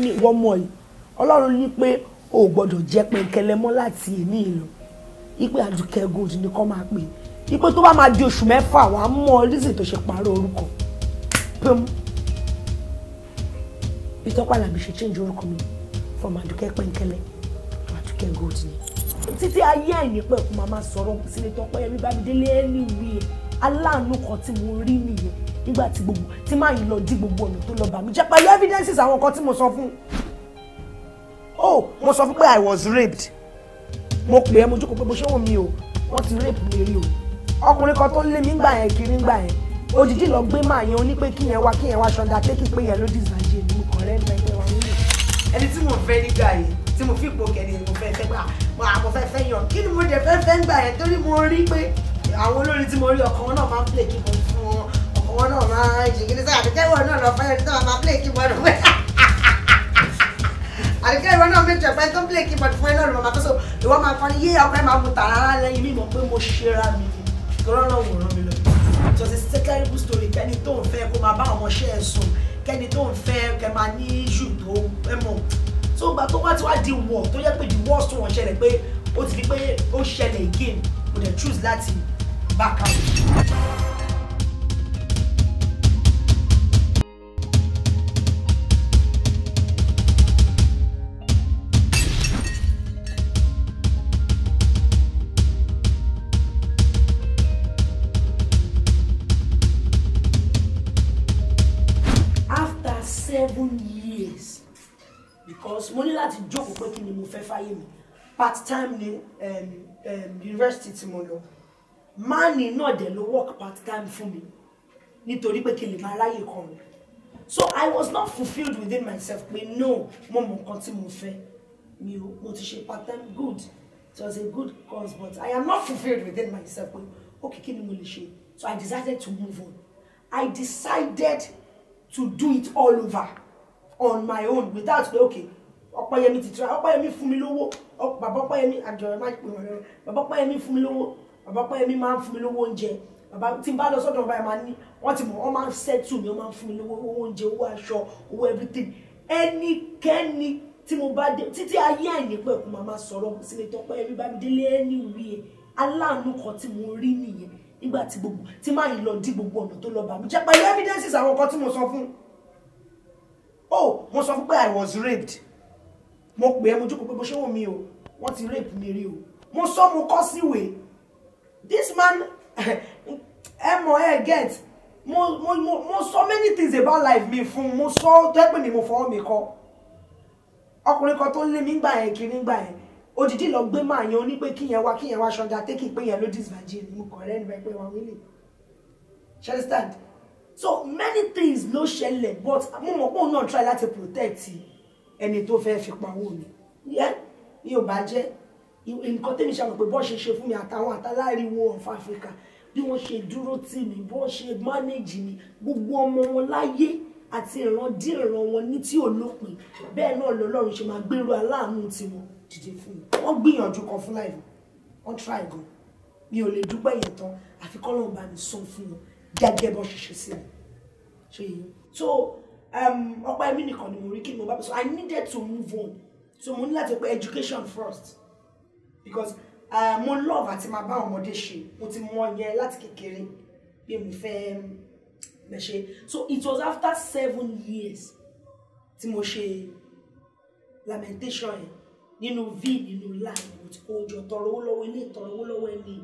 ní ìwọ ọmọ yìí ọlọ́run ní pé o ò gbọ́dọ̀ jẹ́ pẹ̀kẹ́lẹ́ mọ́ láti èmi ìlú ipe àdùkẹ́ gold ni kọ́ máa pè ipe tó bá máa di oṣù mẹ́fà wà á mọ rízì tó ṣe pààrọ̀ orúkọ pẹ́m ìtọ́pá làbí ṣe change orúkọ mi from àdùkẹ́ pẹ̀kẹ́lẹ́ to àdùkẹ́ gold ni títí ayé ẹ̀yìn pẹ̀kú màmá sọ̀rọ̀ sílẹ̀ tọ́pẹ́ ẹ̀rí bámi délé ẹ̀ níwèé aláàánú kan tí mo rí nìyẹn nígbà tí gbogbo tí máa yìí lọ dí gbogbo ọ̀nà tó lọ bà mí jẹ́ pẹ̀lú evidences àwọn kan tí mo sọ fún oh mo sọ fún pé i was raped mo pè é mo jókòó pé mo ṣé wọn mi o wọ́n ti rape mi rí o ọkùnrin kan tó lé mi gbà yẹn kiri gbà yẹn òjijì lọ gbé máa yẹn oní kí yẹn wá kí yẹn wá ṣọdá tẹ́kì pé yẹn ló dìzàjẹ́ mi mo rẹ́ nípa ẹgbẹ́ wa nílò. ẹni tí mo fẹ́ nígbà yìí tí mo fi ipò kẹ́ni mo fẹ́ fẹ́ gbà ah, mo àmọ́ ah, fẹ́ fẹ́ yàn kí ni mo dẹ̀ fẹ́ fẹ́ gbà yẹn torí mo rí pé àwọn olórin tí mo rí ọkàn náà máa ń play kí mo No, wọn náà máa jìgìrì sáà àdìkẹ́ ìwọ náà lọ fẹ́ ẹni tó máa play keyboard fún ẹ àdìkẹ́ ìwọ náà méjì ọ̀pẹ tó play keyboard fún ẹ náà lọ máa fẹ́ so ìwọ máa kọ́ ni yé ọ̀pẹ máa mú tààrà ara lẹ́yìn mímọ̀ pé mo ṣera mi ìgbọ́n náà wòran mi lọ so it's a terrible story kẹ́ni tó ń fẹ́ kó máa bá ọmọ ṣẹ́ ẹ sùn kẹ́ni tó ń fẹ́ kẹ́ máa ní iṣu tó ẹ mọ̀ so gba tó bá ti wá di wọ̀ tó yẹ pé the worst wọn ṣẹlẹ̀ pé ó ti di pé ó ṣẹlẹ̀ again kò dẹ̀ choose láti back out. cause mo ní láti jókòó pé kí ni mo fẹ́ fáyé mi part time ni um, um, university tí mo lọ máàni náà dẹ̀ ló work part time fún mi nítorí pé kí lè máa ráyè kọrin so i was not fulfilled within myself pé no mo mọ nǹkan tí mo fẹ́ mi ò mo ti ṣe part time good it was a good cause but i am not fulfilled within myself pé okay kí ni mo lè ṣe so i decided to move on i decided to do it all over on my own without pé okay ọpọyẹmí ti try ọpọyẹmí fún mi lówó bàbá ọpọyẹmí àjọyọ̀ má pè wọ́n bàbá ọpọyẹmí fún mi lówó bàbá ọpọyẹmí máa ń fún mi lówó oúnjẹ bàbá tí n bá lọ sọ́dọ̀ bàbá ẹ̀ máa ní wọ́n ti mọ̀ wọ́n máa ń settle mi wọ́n máa ń fún mi lówó owó oúnjẹ owó aṣọ owó everything ẹnikẹ́ni tí mo bá dé títí ayé àìnípẹ́ kò máa máa sọ̀rọ̀ kò sí lè tọ́pọ̀ ẹ̀mí bá mi délé ẹni wí ẹ̀ aláàánú kan tí mo rí nìyẹn nígbà tí gbogbo tí máa ń lọ dí gbogbo ọ̀nà tó lọ bà mí jẹ́ pẹ̀lú evidences àwọn kan tí mo sọ fún un mo sọ fún pé i was raped mo pè é mo jókòó pé mo ṣé wò mí o wọ́n ti rape mi rí o mo sọ mo kọ́ síwèé this man ẹ mọ̀ ẹ get mo mo mo sọ many things about life mi fún mo sọ tó ẹ pè mí mo fọwọ́ mi kọ ọkùnrin kan tó ń lé mi gbà yẹn kiri gbà yẹn odidi lọ gbé màá yẹn oní pé kíyẹn wá kíyẹn wá ṣọjà tẹkì pé yẹn ló dis virgin mo kọ rẹ nípa ẹgbẹ wa wílì ṣẹlẹstand so many things no ṣẹlẹ̀ but mo mọ̀ pé òun náà try láti protect ẹni tó fẹ́ fi pawó mi Yeah, mi ò bá jẹ́ nǹkan tẹ́mi ṣàmọ̀ pé bọ́ ṣe ṣe fún mi àtàwọn àtàláriwo of Africa bí wọ́n ṣe dúró tì mí bọ́ ṣe manage mi gbogbo ọmọ wọn láyé àti ìran dí ìran wọn ní tí ò lópin bẹ́ẹ̀ náà lọ́lọ́run ṣe máa gbèrú aláàánú tiwọn dìde fún mi wọ́n gbìyànjú kan fún láìpẹ́ wọ́n try go. mi ò lè dúpẹ́ yẹn tán àfi kọ́lọ́ọ̀ bá mi sọ fún wọn gẹ́gẹ́ bọ́ ṣe ṣe sí um, mi ṣe yìí so ọ̀pá ẹ̀mí nìkan ni mo rí kí ni mo bá bẹ̀ so I needed to move on so mo ní láti pe education first because uh, mo love àti máa bá ọmọdé ṣe mo ti mọ yẹn láti kékeré bí mo fẹ́ mẹ́ṣe so it was after seven years tí mo ṣe lamentation yẹn nínú v nínú láì mo ti kó jọ tọrọ owó lọ́wọ́ ilé tọrọ owó lọ́wọ́ ẹni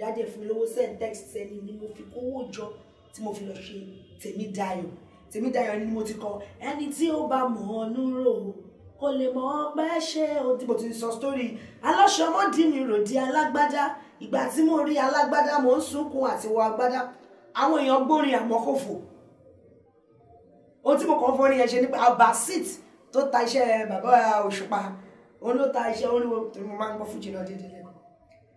dáadé fún mi lówó send text sẹ́ni ni mo fi kówó jọ tí mo fi lọ ṣe tèmi dayọ̀ tèmi dayọ̀ ni mo ti kọ ẹni tí ó bá mọ̀ ọ́ núrò kò lè mọ̀ ọ́ pẹ́ ṣe o tí mo ti sọ story aláṣọmọdì mi ròdì alágbádá ìgbà tí mo rí alágbádá mo ń sunkún àti wọ agbádá àwọn èèyàn gbórin àmọ́kòfò ohun tí mo kàn fọ́ nìyẹn ṣe nípa abasit tó ta iṣẹ́ bàbá òṣùpá òun ló ta iṣẹ́ orin tó máa ń gbọ́ fújì lọ déédéé lẹ́kọ̀ọ́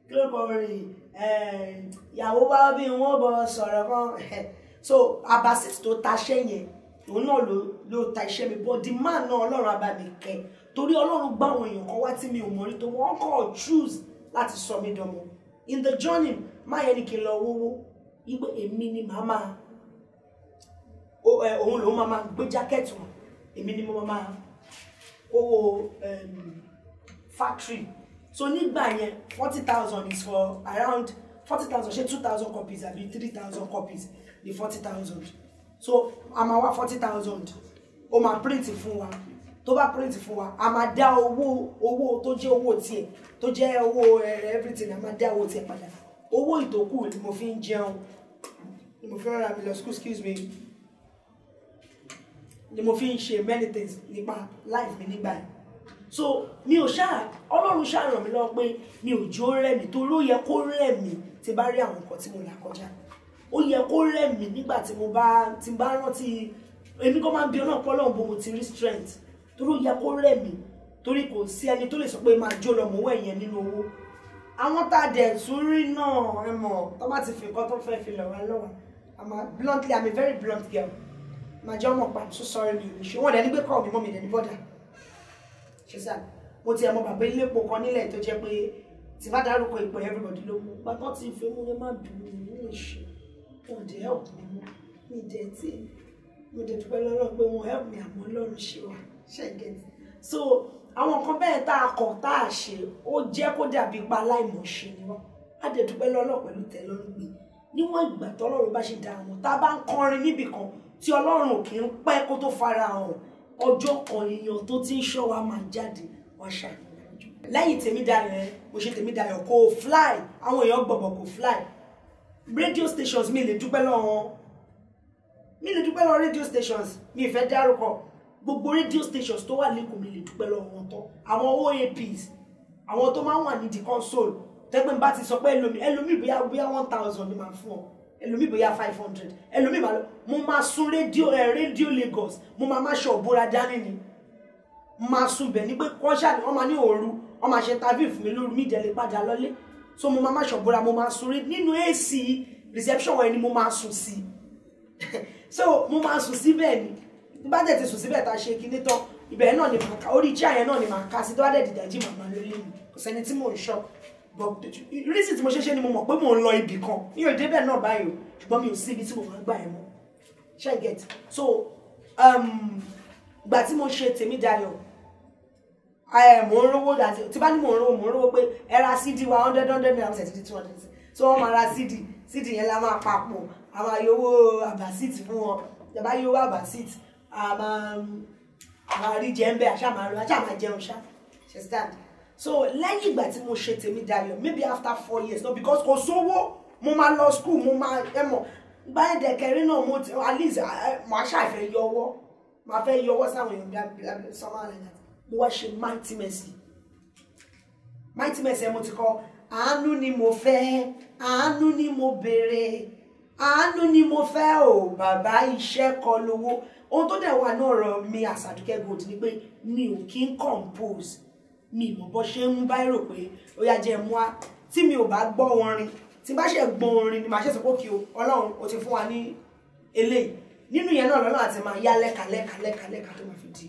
kí ló kọ orin ìyàwó wá bí wọ́n bọ̀ sọ̀rọ̀ kan so abasit tó taṣẹ́ yẹn òun náà ló ló ta iṣẹ́ mi bọ́ di máa náà ọlọ́run abàmì kẹ torí ọlọ́run gbá àwọn èèyàn kan wá tí mi ò mọ̀ nítorí wọ́n kàn choose láti sọ mí dánmọ́ in the journey má yẹ ni kí n lọ wówó wípé èmi ni màá máa òun lòun máa máa gbé jákẹ́ẹ̀tì wọn èmi ni mo máa máa owó so nígbà yẹn forty thousand is for around forty thousand ṣe two thousand copies àbí three thousand copies di forty thousand so a máa forty thousand ó máa print fún wa tó bá print fún wa a máa dá owó owó tó jẹ́ owó tiẹ̀ tó jẹ́ owó eh, everything a máa dá owó tiẹ̀ padà owó ìtókù ni mo fi ń jẹun ni mo fi ń rà mí lọ school excuse me ni mo fi ń ṣe many things nípa life mi nígbà yẹn so mi ò ṣáà ọlọ́run ṣáà ràn mí lọ́wọ́ pé mi ò jó rẹ̀ mí torí ó yẹ kó rẹ̀ mí tí bá rí àwọn nǹkan tí mo là kọjá ó yẹ kó rẹ̀ nígbà tí mo bá ti bá rántí èmi kọ́ máa ń bi ọ̀nà pọ́lọ́ bó mo ti rí strength torí ó yẹ kó rẹ̀ mí torí kò sí ẹni tó lè sọ pé máa jó lọ mọ̀ owó ẹ̀yẹn nínú owó àwọn tá a dẹ̀ tún rí náà ẹ mọ̀ tó bá ti fi nǹkan tó fẹ́ fi lọ̀ wá lọ́wọ́ I'm a bluntly I'm a very blunt girl màjọ́ mọ̀ pa I'm so sorry mi ò ní ṣe wọ́n dẹ̀ ní pé kọ́ mi mọ́ mi dẹ̀ ní bọ́dà. Chizan mo ti ẹ̀ mọ bàbá ilépo kan nílẹ̀ tó jẹ́ pé tí bá dárúkọ ìpè everybody ló mú gbàtọ́ ti fi mú ẹ má bínú mi ní ìṣe wọn dẹ̀ help mi mú mi tí mo dẹ̀ dúpẹ́ lọ́rọ̀ pé wọn help mi àmọ́ Ọlọ́run ṣe wà ṣẹ́gẹ̀t so àwọn nǹkan bẹ́ẹ̀ tá a kọ̀ tá a ṣe ó jẹ́ kó dàbí pa aláìmọ̀ṣe ni wọ́n á dẹ̀ dúpẹ́ lọ́rọ̀ pẹ̀lú tẹ́lọ́rùn gbé níwọ̀n ìgbà tọ́lọ́run bá ṣe dá àwọn tá a bá ń kọrin níbì kan tí Ọlọ́run ò kì í pẹ́ kó tó fara hàn ọjọ́ kan èèyàn tó ti ń ṣọ́ wa máa jáde wá ṣàníyàn jù lẹ́yìn Tèmídayọ̀ ẹ mo ṣe Tèmídayọ̀ kò fly àwọn èèyàn gbọ̀gbọ̀ kò fly radio stations mi lè dúpẹ́ lọ́wọ́ mi lè dúpẹ́ lọ́wọ́ radio stations mi fẹ́ dárúkọ gbogbo radio stations tó wà lẹ́kọ̀ọ́ mi lè dúpẹ́ lọ́wọ́ wọn tán àwọn OAPs àwọn tó máa ń wà ní the console tẹ́gbẹ́ bá ti sọ pé ẹlòmíì ẹlòmíì bóyá bóyá one thousand ni màá fún ọ ẹlòmíì bóyá five hundred ẹlòmíì máa lọ mo máa sun rédíò ẹ eh, rédíò Lagos mo máa máa ṣe ọ̀bùra dání ni máa sun bẹ̀ ní pé kọ́ṣà ni wọ́n máa ní òru wọ́n máa ṣe tàbí fún mi lóru mi ìdẹ̀lẹ̀ padà lọ́lé so mo máa máa ṣe ọ̀bùra mo máa sun rédíò nínú AC reception wọn ni mo máa sùn sí so mo máa sùn síbẹ̀ ni bá dẹ̀ ti sùn síbẹ̀ tá a ṣe kinní tán ibẹ̀ náà ni màá ká orí chair yẹn náà ni màá ká sí tó reason tí mo ṣe ṣe ni mo mọ̀ pé mò ń lọ ibì kan mi ò débẹ̀ náà báyìí o ṣùgbọ́n mi ò sí ibi tí mo fẹ́ gbà ẹ̀ mọ́ ṣe get so um, gbà tí mo ṣe tèmi dayọ̀ mò ń rówó tí bá ní mò ń rówó mò ń rówó pé ẹ ra cd wa hundred hundred naira ṣe two hundred so wọ́n máa ra cd cd yẹn la máa papọ̀ a máa yọ owó àbàsíìtì fún wọn ìjọba yọ owó àbàsíìtì a máa rí jẹ́ ń bẹ́ àṣà máa rí àṣà máa jẹun ṣá ṣe stand so lẹ́yìn ìgbà tí mo ṣe tèmi dayọ̀ maybe after four years no because kò sówó mo máa lọ school mo máa ẹ mọ̀ gbáyẹ̀dẹ̀ kẹrin náà mo ti at least màá ṣàìfẹ́ yọ ọwọ́ màá fẹ́ yọ ọwọ́ sáwọn èèyàn bí i sọmọ àlẹ́ náà mo wá ṣe mighty mercy mighty mercy mo ti kọ àánú ni mo fẹ́ àánú ni mo béèrè àánú ni mo fẹ́ o bàbá iṣẹ́ kọ lówó ohun tó dẹ̀ wà náà rọ mi àsàdúkẹ́ gold ni pé mi ò kí ń compose mi ìmọ̀ bọ́ ṣe ń bá èrò pé ó yá jẹ́ mú wa tí mi ò bá gbọ́ orin tí bá ṣe gbọ́ orin ni màá ṣe sọ́kò kí o ọlọ́run o ti fún wa ní eléyìí nínú ìyẹn náà lọ́nà àti máa yá lẹ́ka lẹ́ka lẹ́ka lẹ́ka tó máa fi di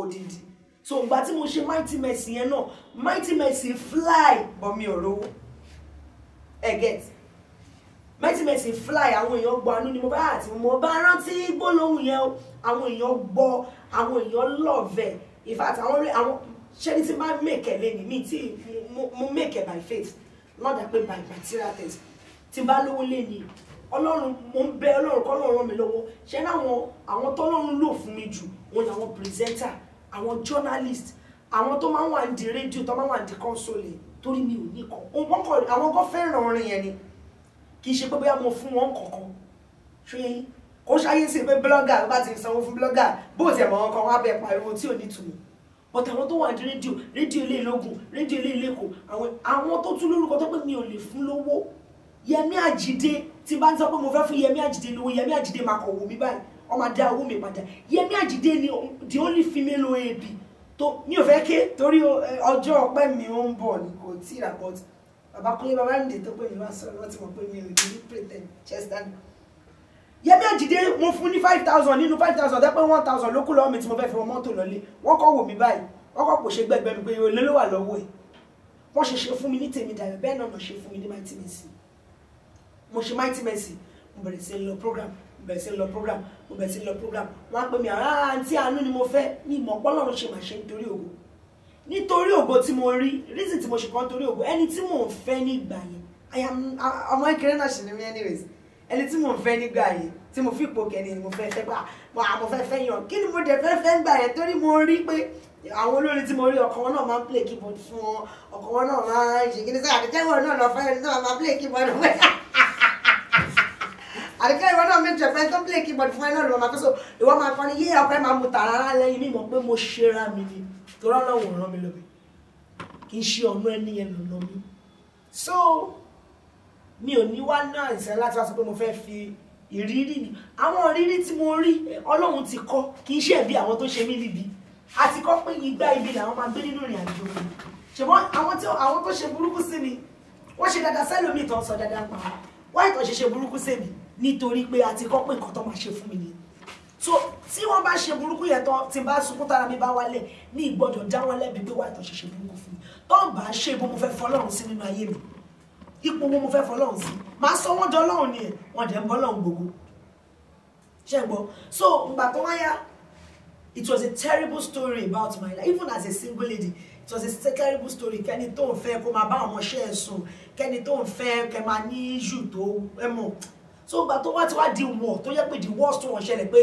odindi so ìgbà tí mo ṣe mighty mercy yẹn náà mighty mercy fly bọ̀ mi ò rówó ẹ get mighty mercy fly àwọn èèyàn gbọ́ àánú ni mo bá àti mo bá rántí gbólóhùn yẹn àwọn èèyàn gbọ́ àwọn èèyàn love in fact àwọn ṣẹ́ni tí máa mèkẹ́ lẹ́nu mi tí mo mèkẹ́ by faith lọ́dà pé by material things tí bá lówó lẹ́nu ọlọ́run mo ń bẹ ọlọ́run kọ́ lọ́run mi lọ́wọ́ ṣẹ́ láwọn àwọn tọ́lọ́run lò fún mi jù wọn làwọn presenter àwọn journalist àwọn tó máa ń wà ní rédíò tó máa ń wà ní console torí mi ò ní kọ́ wọn kọ àwọn kan fẹ́ràn orin yẹn ni kì í ṣe pé bóyá mo fún wọn kankan ṣé ó ṣáyé sí pé blogger bá ti sanwó fún blogger bó ti ẹ̀ mọ̀ wọn kan wá bẹ pariwo tí ò ní tùmí but àwọn tó wà ní rédíò rédíò ilé ìlógún rédíò ilé ìlẹ́kọ̀ọ́ àwọn àwọn tó tún lórúkọ tó pé mi ò lè fún lówó Yẹmí Àjídé tí bá ń sọ pé mo fẹ́ fún Yẹmí Àjídé lówó Yẹmí Àjídé máa kọ̀ wò mí báyìí ọmọ adé owó mi padà Yẹmí Àjídé ni the only female OAB tó mi ò fẹ́ ké torí ọjọ́ ọpẹ́ mi ó ń bọ̀ ni kò tí ì rà but bàbá kúnlé bàbá ń dè tó pé mi wá sọ̀rọ̀ wọ́n ti mọ̀ pé mi ò ní pretend chest and yẹmi àjìdé mo fún ní five thousand nínú five thousand dẹ́pẹ́ one thousand ló kú lọ́wọ́ mi tí mo fẹ́ fi wọn mọ́tò lọ́lé wọ́n kọ́ wò mí báyìí wọ́n kọ́ kò ṣe gbẹgbẹ́ mi pé olè ló wà lọ́wọ́ ẹ̀ wọ́n ṣe ṣe fún mi ní tèmi dàbẹ̀ bẹ́ẹ̀ náà ṣe fún mi ní mighty mercy mo ṣe mighty mercy mo bẹ̀rẹ̀ sí lọ program mo bẹ̀rẹ̀ sí lọ program mo bẹ̀rẹ̀ sí lọ program wọ́n á pè mí àrà àǹtí àánú ni mo fẹ́ ní ìmọ̀ ọpọlọ́run ṣe màṣẹ nítorí ògo nítorí ògo tí mo rí reason tí mo ṣe kàn torí ògo ẹni tí mo ń fẹ́ ní ìgbà yẹn I am ọmọ ìkẹrẹ náà ṣì ní mi anyways ẹni tí mò ń fẹ́ nígbà yẹn tí mo fi ipò kẹ́ni ni mo fẹ́ fẹ́ gbà mo fẹ́ fẹ́ yàn kí ni mo dẹ̀ fẹ́ fẹ́ gbà yẹn torí mo rí pé àwọn olórin tí mo rí ọkọ wọn náà máa ń play keyboard fún wọn ọkọ wọn náà máa ń ṣe kíni sọ àdìkẹ́ ìwọ náà lọ fẹ́ ẹni náà máa play keyboard fún ẹ àdìkẹ́ ìwọ náà mi jẹ̀fẹ́ tó play keyboard fún ẹ náà lọ máa fẹ́ so ìwọ máa kọ́ ni yé ọkọ ẹ máa mu tààrà lẹ́yìn mímọ̀ pé mo ṣera mi ni torọ́ náà wò rán mi kì í ṣe ọ̀nà ẹni yẹn lọ́nà so mi ò ní wá náà ìṣẹ́ láti wá sọ pé mo fẹ́ fi ìrírí mi àwọn ìrírí tí mo rí ọlọ́run ti kọ́ kì í ṣe ẹ̀bi àwọn tó ṣe mí níbi àti kọ́ pé igbá ibi làwọn máa gbé nínú ìrìn àjò mi ṣùgbọ́n àwọn tó ṣe burúkú sí mi wọ́n ṣe dáadáa sẹ́lòmíì tó sọ dáadáa pa wọ́n ìtàn ṣe ṣe burúkú sí mi nítorí pé àti kọ́ pé nǹkan tó máa ṣe fún mi nìyẹn so tí wọ́n bá ṣe burúkú yẹn tán tí n bá sunkún tára mi bá wálẹ̀ ní ìgbọ́dọ̀ dá wọn lẹ́bi pé wọ́n àtọ̀ ṣe ṣe burúkú fún mi tó ń bá ṣe bó fẹ́ fọlọ́run sí nínú ayé mi ipò wo mo fẹ́ fọlọ́run sí màá sọ wọ́n jọ lọ́run ni ẹ̀ wọ́n jẹ́ ń bọ́ lọ́run gbogbo ṣe gbọ́ so ngbà tó wáyà it was a terrible story about my life even as a single lady it was a terrible story kẹ́ni tó ń fẹ́ kó máa bá àwọn ọmọọṣẹ́ ẹ̀ sùn kẹ́ni tó ń fẹ́ kẹ́ máa ní issue tó ẹ mọ̀ so ngbà tó wá ti wá di wọ̀ tó yẹ pé the worst one ṣẹlẹ̀ pé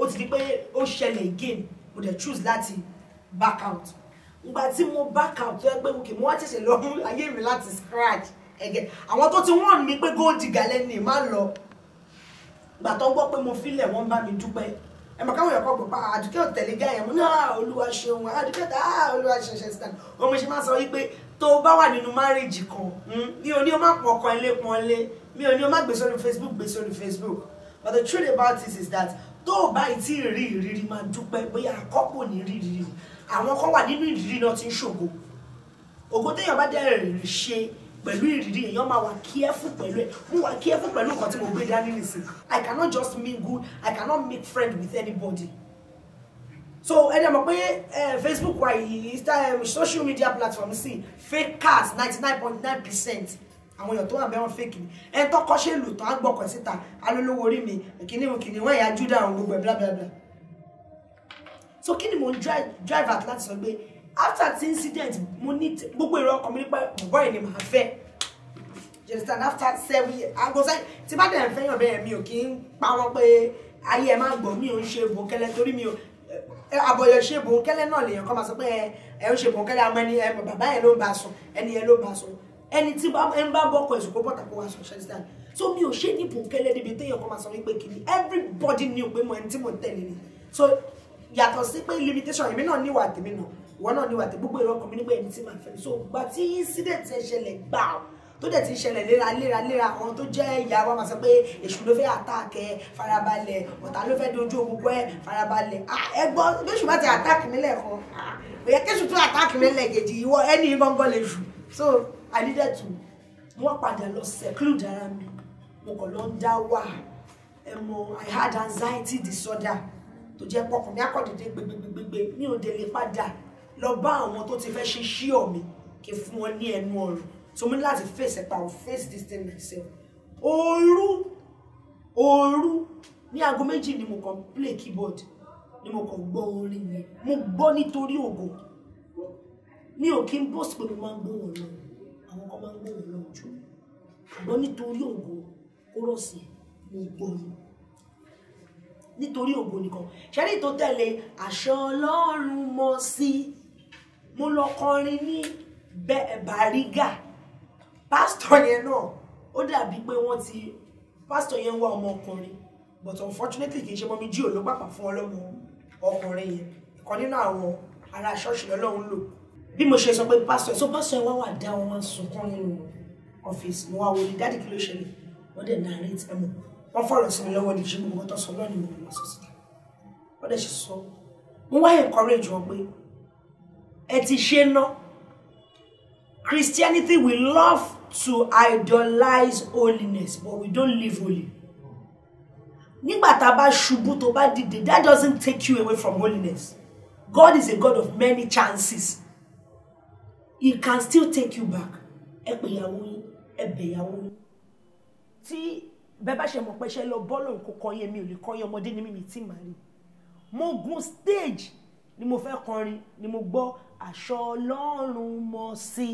ó ti di pé ó ṣẹlẹ̀ again mo dẹ̀ choose láti back out ngbà tí mo back out tó yẹ pé mo kì í mo wá tẹ̀sẹ̀ lọ́rùn ayé mi láti scratch ẹ̀gẹ́ àwọn tó ti wọ́n mi pé gold digger lẹ́ni má lọ gbà tó ń gbọ́ pé mo filẹ̀ wọ́n bá mi dúpẹ́ ẹ mọ̀ káwọn ẹ̀kọ́ pípa ah, àdúkẹ́ òtẹ̀lé gá yẹn mo ní àá ah, olúwa ṣeun àdúkẹ́ tá àá olúwa ṣe ṣe stand ọmọ ṣe máa sọ wípé tó bá wà nínú márèjì kan hmm, mi ò ní o má pọ̀ ọkọ ilé pọn ilé mi ò ní o má gbé sórí Facebook gbé sórí Facebook but the truth about this is that tó o bá ìtí ìrí ìrírí máa dúpẹ́ bóyá àkọ́pọ̀ ní ìrírí àwọn kan wà nínú ìrírí náà ti ń ṣògo ògo téèyàn bá dẹ̀ ṣe pẹ̀lú ìrírí èèyàn máa wà careful pẹ̀lú ẹ̀ mo wà careful pẹ̀lú nǹkan tí mo gbé dání nìsín i cannot just mingle i cannot make friend with anybody so ẹ dẹ̀ mọ̀ pé facebook wa yìí social media platform sí fakers ninety nine point nine percent àwọn èèyàn tó wà bẹ́ẹ̀ wọ́n fèkì ni ẹ tó kọ́ṣẹ́ lù tán á gbọ́kọ̀ síta alólówó orí mi kìnìún kìnìún wọ́n ẹ̀yà júdà àwọn gbogbo ẹ̀ blablabla so kí ni mo drive at láti sọ pé after the incident mo ní gbogbo èrò ọkàn mi nípa bọ̀bọ̀ yìí ni màá Just you understand after seven years agbọ́sẹ́ tí bá dẹ̀ ń fẹ́yàn bẹ́ẹ̀ mi ò kí ń pa wọ́n pé ayé ẹ̀ máa gbọ́ mi ò ń ṣe bòńkẹ́lẹ́ torí mi ò àbọ̀yọ̀ ṣe bòńkẹ́lẹ́ náà lèèyàn kan máa sọ pé ẹ ń ṣe bòńkẹ́lẹ́ àmọ́ ẹni ẹ bàbá yẹn ló ń bá sùn ẹni yẹn ló ń bá sùn ẹni tí ẹ ń bá bọ́kọ̀ ẹ̀sùn kó bọ́tà kó wá sùn ṣẹ́ńtàn so mi ò ṣe ní bòńkẹ́lẹ́ níbi téèyàn kan máa sọ wípé kìíní everybody knew pé mo ẹni tí mo tẹ̀lé ni so yàtọ̀ sí pé limitation èmi náà níwà tèmi náà ìwọ náà ní wà tí gbogbo èrò ọkàn mi nígbà ẹni tí màá fẹ́ so gba tí incident ẹ ṣẹlẹ̀ gbà ó tó dẹ̀ ti ṣẹlẹ̀ léra léra léra àwọn tó jẹ́ ìyá wa máa sọ pé èṣù ló fẹ́ àtàkẹ́ farabalẹ̀ ọ̀tá ló fẹ́ dojú ogun ẹ farabalẹ̀ ah, ẹ gbọ́ bẹ́ṣù bá ti àtàkì mi lẹ́ẹ̀kan ah, kò yẹ kéṣù tó àtàkì mi lẹ́ẹ̀kejì ìwọ ẹni gángan lè ṣù so I needed to wọ́n padà lọ seclude ara mi mo kàn lọ ń dá wà ẹ mọ I had anxiety disorder tó jẹ́ pọkàn mi akọ̀dédé gbégbégbégbé mi ò dé lè padà lọ bá àwọn tó ti fẹ́ ṣe ṣíọ̀ mi kí fún wọn ní ẹnu ọ̀rọ̀ so mo ní láti face ẹ̀pà o face this thing myself ooru ooru ní aago méjì ni mo kàn play keyboard ni mo kàn gbọ́ orin yẹn mo gbọ́ nítorí ògo mi ò kí n bọ́sì pé mo máa ń gbóhùn lọ àwọn kan máa ń gbóhùn lọ jù ṣùgbọ́n nítorí ògo kó mo gbọ́ ni nítorí ògo nìkan ṣẹ́ni tó tẹ̀lé aṣọ ọlọ́run mọ́ sí i mo lọ kọrin ní Bariga pásítọ̀ yẹn náà ó dàbí pé wọ́n ti pásítọ̀ yẹn ń wá ọmọkùnrin but unfortunately kì í ṣe mọ́mí jí ò ló pàpà fún ọlọ́mọ ọkùnrin yẹn ìkan nínú àwọn ará ṣọ́ọ̀ṣì lọ́lọ́run lò bí mo ṣe sọ pé pásítọ̀ so pásítọ̀ yẹn wá wà dá wọn wọn sunkún nínú ọ́fíìsì mo wá wọlé dáàdì kí ló ṣẹlẹ̀ wọ́n dẹ̀ narrate ẹ̀ mọ̀ wọ́n fọ̀rọ̀ sí mi lọ́wọ́ ní ṣe mo kò lọ sọ síta encourage wọn ẹ ṣe ná Christianity we love to idolize holiness but we don't live holy nígbà tá a bá ṣubú tó bá dìde that doesn't take you away from holiness God is a God of many chances he can still take you back ẹ pè ìyàwó yín ẹ bẹ̀ ìyàwó yín. tí bẹ́ẹ̀ bá ṣe mọ̀ pé ṣe lọ bọ́ọ̀lù nǹkan kan yẹn mi ò lè kọ́ yẹn ọmọdé ní mímì tí màá rí mo gun stage ni mo fẹ́ kọrin ni mo gbọ́ aṣọ ọlọ́run mọ̀ sí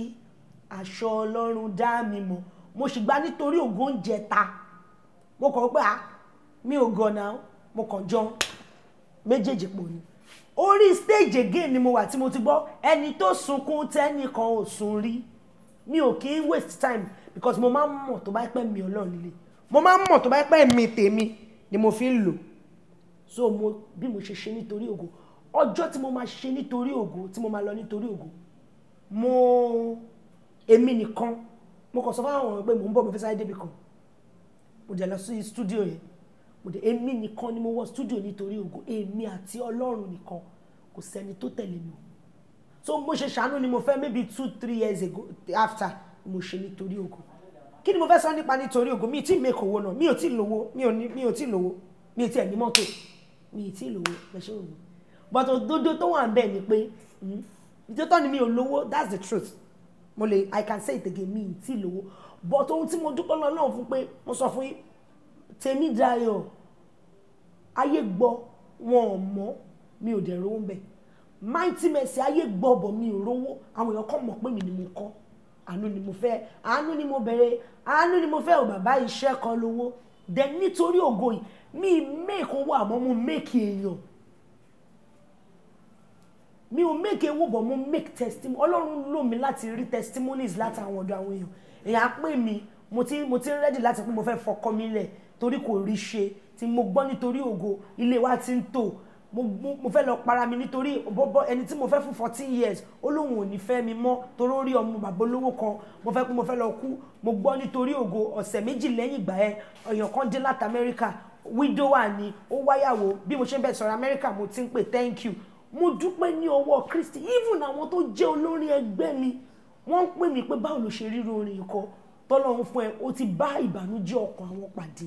aṣọ ọlọ́run dá mi mọ̀ mo sì gba nítorí ògùn oúnjẹ ta mo kàn pé à mi ò gànà mo kàn jọun méjèèjì pọ̀ ni orí stage again ni mo wà tí mo ti gbọ́ ẹni tó sunkún tẹ́nìkan ò sun rí mi ò kí ń waste time because mo máa ń mọ̀ tó bá pẹ́ mi ọlọ́run líle mo máa ń mọ̀ tó bá pẹ́ mi tèmi ni mo fi ń lò so mo bí mo ṣe ṣe nítorí ògo ọjọ́ tí mo máa ṣe nítorí ògo tí mo máa lọ nítorí ògo mo èmi nìkan mo kàn sọ fáwọn ọ̀rọ̀ pé mò ń bọ̀ mo fẹ́ sáré débi kan mo dẹ̀ lọ sí stúdíò yẹn mo dẹ̀ èmi nìkan ni mo wọ stúdíò nítorí ògo èmi àti ọlọ́run nìkan kò sẹ́ni tó tẹ̀lé mi o so mo ṣe ṣàánú ni mo fẹ́ maybe two three years ago after mo ṣe nítorí ògo kí ni mo fẹ́ sọ nípa nítorí ògo mi ò tí ì mẹ́kọ̀ owó náà mi ò tí ì lówó mi ò tí ì lówó mi ò tí ì ẹ̀mí mọ́tò mi ò tí ì lówó lẹ́ṣẹ̀ ògo but òdodo tó wà bẹ́ẹ̀ ni pé hmm, ìtòtọ́ ni mi ò lówó that's the truth mo lè i can say it again mi ì tí lówó but ohun tí mo dúpẹ́ lọ náà fún pé mo sọ fún yín tèmi dayọ̀ ayé gbọ́ wọn ò mọ́ mi ò dẹ̀ rówó ń bẹ̀ mighty mercy ayé gbọ́ bọ̀ mi ò rówó àwọn èèyàn kọ́ mọ̀ pé mi ni mo kọ́ àánú ni mo fẹ́ àánú ni mo bẹ̀rẹ̀ àánú ni mo fẹ́ ò bàbá iṣẹ́ kan lówó then nítorí ògo yìí mi make owó àmọ́ mo make èèyàn mi ò make owó bọ̀ mo make testimony ọlọ́run lò mí láti rí testimonies láti àwọn ọ̀dọ̀ àwọn èèyàn èèyàn á pè mí mo ti mo ti ready láti pé mo fẹ́ fọkọ mi lẹ̀ torí kò rí ṣe tí mo gbọ́ nítorí ògo ilé wa ti ń tò mo mo fẹ́ lọ para mi nítorí bọ́bọ́ ẹni tí mo fẹ́ fún fourteen years ó lóun ò ní fẹ́ mi mọ́ torí ó rí ọmọ bàbá olówó kan mo fẹ́ pé mo fẹ́ lọ kú mo gbọ́ nítorí ògo ọ̀sẹ̀ méjì lẹ́yìn ìgbà ẹ èèyàn kan dé láti Amẹ́ríkà wíńdò wà ní ó wáyàwó bí mo ṣe ń bẹ̀ sọ̀rọ̀ Amẹ́ríkà mo ti ń pè thank you mo dúpẹ́ ní ọwọ́ Kristi even àwọn tó jẹ́ olórin ẹgbẹ́ mi wọ́n ń pè mí pé báwo ló ṣe ríro orin ikọ tọ́lọ́run fún ẹ o ti bá ìbànújẹ́ ọkàn àwọn pàdé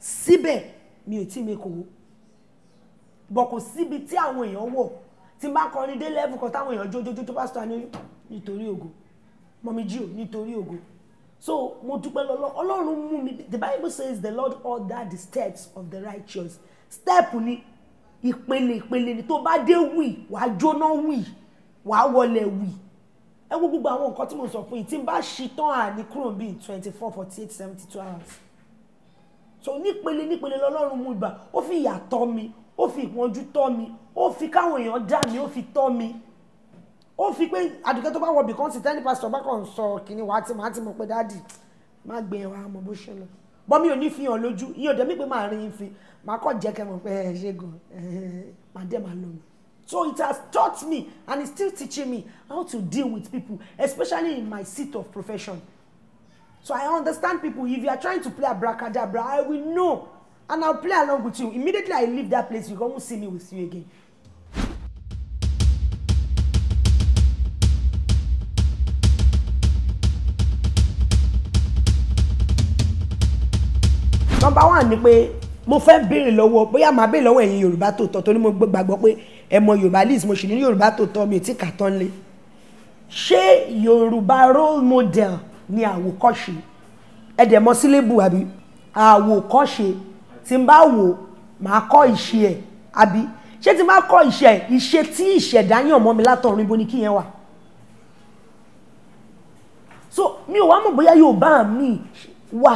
síbẹ̀ mi ò tí mi kò bọ̀ kò síbi tí àwọn èèyàn wọ̀ tí n bá kọrin dé level kan táwọn èèyàn jójójó tó bá sọ àní nítorí ògo mọ̀mí jí nítorí ògo so mo dúpẹ́ lọ́lọ́ ọlọ́run mú mi the Bible says the Lord ordered the steps of the righteous step ni ìpele ìpele ni tó bá dé wì wàá jóná wì wàá wọlé wì ẹ wo gbogbo àwọn nǹkan tí mo sọ fún yìí tí n bá ṣi àní kúrò bíi twenty four forty eight seventy two hours so nípele nípele lọ́lọ́run mú ibà ó fi ìyà tọ́ mi ó fi ìpọ́njú tọ́ mi ó fi káwọn èèyàn dá mi ó fi tọ́ mi ó fi pé àdùkẹ́ tó bá wọ bìkan sí tẹ́ni bá kàn sọ kínní wàá ti máa ti mọ̀ pé dáàdì má gbé ẹ e wá bó ṣe lọ bọ́ mi ò ní fi hàn lójú yín ò dẹ́mi pé máa rin yín fi máa kọ́ jẹ́ kẹ́mọ̀ pé ẹ eh, ṣe gan eh, máa dẹ́ máa lọ mi. So it has taught me and it's still teaching me how to deal with people, especially in my seat of profession. So I understand people. If you are trying to play abracadabra, I will know and I'll play along with you. Immediately I leave that place, you won't see me with you again. Number one ni pé mo fẹ́ béèrè lọ́wọ́ bóyá màá béèrè lọ́wọ́ ẹ̀yin yorùbá tòótọ́ torí mo gbàgbọ́ pé ẹ mọ yorùbá list mo sì ní yorùbá tòótọ́ mi ti kà tán lé ṣé yorùbá role model ni àwòkọ́ṣe ẹ dẹ̀ mọ sílébù àbí àwòkọ́ṣe tí n bá wò màá kọ́ ìṣe ẹ̀ àbí ṣé tí n bá kọ́ ìṣe ẹ̀ ìṣe tí ìṣẹ̀dá yàn mọ́ mi látọ̀run ibo ni kí yẹn wà so mi ò wá mọ̀ bóyá yorùbá mi wà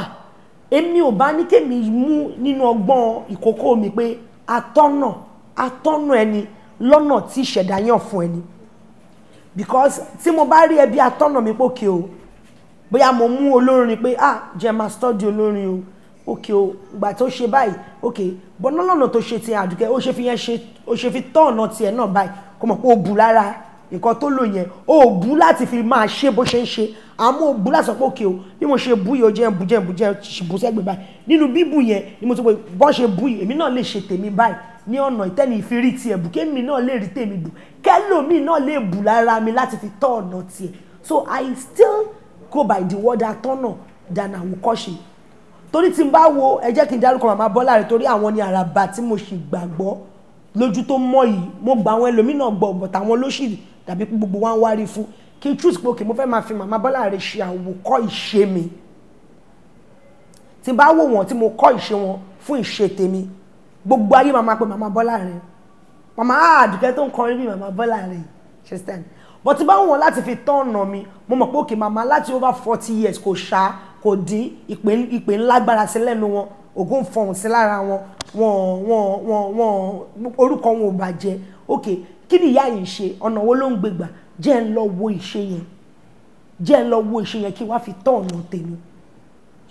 èmi ò bá ní kémi mú nínú ọgbọ́n ìkókó mi pé atọ́nà atọ́nà ẹni lọ́nà tí ìṣẹ̀dá yàn fún ẹni because tí mo bá rí ẹbí atọ́nà mi pókè o bóyá mo mú olórin pé ah jẹ́ máa study olórin o òkè o ìgbà tó ṣe báyìí òkè bọ́nà lọ́nà tó ṣe ti àdùkẹ́ ó ṣe fi yẹn ṣe ó ṣe fi tọ́ ọ̀nà tiẹ̀ náà báyìí kó mọ̀ pé ó bu lára nǹkan tó lò yẹn ó bú láti fi máa ṣe bó ṣe ń ṣe àmọ́ ó bú láti sọ pé òkè o bí mo ṣe bú yìí ó jẹ́ bú jẹ́ bú jẹ́ bú sẹ́gbẹ̀ báyìí nínú bíbù yẹn ni mo sọ pé bọ́ ṣe bú yìí èmi náà lè ṣe tèmi báyìí ní ọ̀nà ìtẹ́ni ìfirí tiẹ̀ bù kémi náà lè rí tèmi bù kẹ́lòmíì náà lè bù lára mi láti fi tọ́ ọ̀nà tiẹ̀ so I still go by the word atọ́nà than àwòkọ́ṣe torí tí n bá wo ẹ jẹ́ kí n dárúkọ màmá Bọ́lá rẹ̀ torí àwọn ni mo sì gbàgbọ́ lójú tó mọ́ yìí mo gbà àwọn ẹlòmíì náà bọ̀tà àwọn ló sì dàbí gbogbo wa ń wárí fún kí n choose pé òkè mo fẹ́ máa fi màmá bọ́lá rẹ̀ ṣe àwòkọ́ ìṣe mi tí bá wò wọ́n tí mo kọ́ ìṣe wọn fún ìṣe tèmi gbogbo ayé màmá pé màmá bọ́lá rẹ̀ màmá àdùkẹ́ tó ń kọrin bí màmá bọ́lá rẹ̀ ṣẹ́sítẹ́n but tí bá wò wọ́n láti fi tán ọ̀nà mi mo mọ̀ pé òkè màmá láti over forty years kò ṣá kò dín ìpè ńlágbára sí lẹ́nu wọn ògùn fọ̀hún sí lára wọn wọn wọn wọn orúkọ wọn ò bàjẹ́ okay kí ni ìyá yìí ṣe ọ̀nà wo ló ń gbégbà jẹ́ ń lọ wo ìṣe yẹn jẹ́ ń lọ wo ìṣe yẹn kí wá fi tọ́ ọ̀nà tèmi